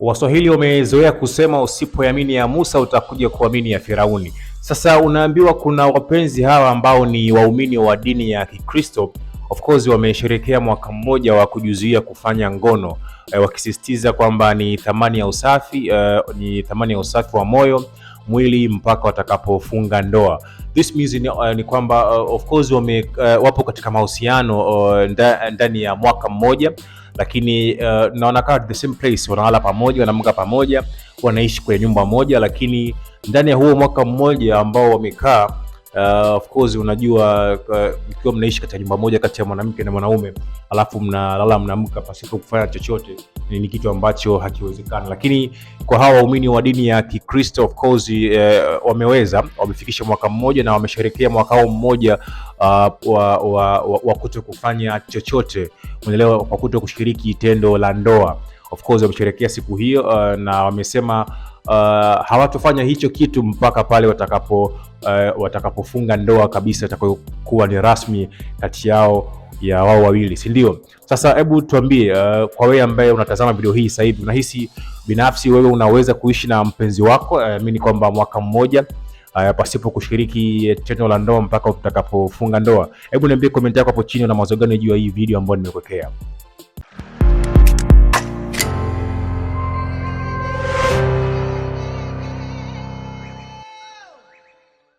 Waswahili wamezoea kusema usipoamini ya Musa utakuja kuamini ya Firauni. Sasa unaambiwa kuna wapenzi hawa ambao ni waumini wa dini ya Kikristo, of course wamesherekea mwaka mmoja wa kujizuia kufanya ngono e, wakisisitiza kwamba ni thamani ya usafi e, ni thamani ya usafi wa moyo mwili mpaka watakapofunga ndoa. This means ni, uh, ni kwamba uh, of course wame, uh, wapo katika mahusiano uh, nda, ndani ya mwaka mmoja lakini uh, naona kama the same place, wanalala pamoja, wanamka pamoja, wanaishi kwenye nyumba moja, lakini ndani ya huo mwaka mmoja ambao wamekaa Uh, of course unajua uh, mkiwa uh, mnaishi katika nyumba moja kati ya mwanamke na mwanaume, alafu mnalala mnaamka pasipo kufanya chochote, ni kitu ambacho hakiwezekani. Lakini kwa hawa waumini wa dini ya Kikristo of course uh, wameweza, wamefikisha mwaka mmoja na wamesherekea mwaka huo mmoja uh, wa, wa, wa, wa kuto kufanya chochote, unaelewa, wa kuto kushiriki tendo la ndoa. Of course wamesherekea siku hiyo uh, na wamesema uh, hawatofanya hicho kitu mpaka pale watakapo uh, watakapofunga ndoa kabisa itakayokuwa ni rasmi kati yao ya wao wawili, si ndio? Sasa hebu tuambie, uh, kwa wewe ambaye unatazama video hii sasa hivi, unahisi binafsi wewe unaweza kuishi na mpenzi wako amini uh, ni kwamba mwaka mmoja Uh, pasipo kushiriki tendo la ndoa mpaka utakapofunga ndoa. Hebu niambie komenti yako hapo chini, una mawazo gani juu ya hii video ambayo nimekuwekea.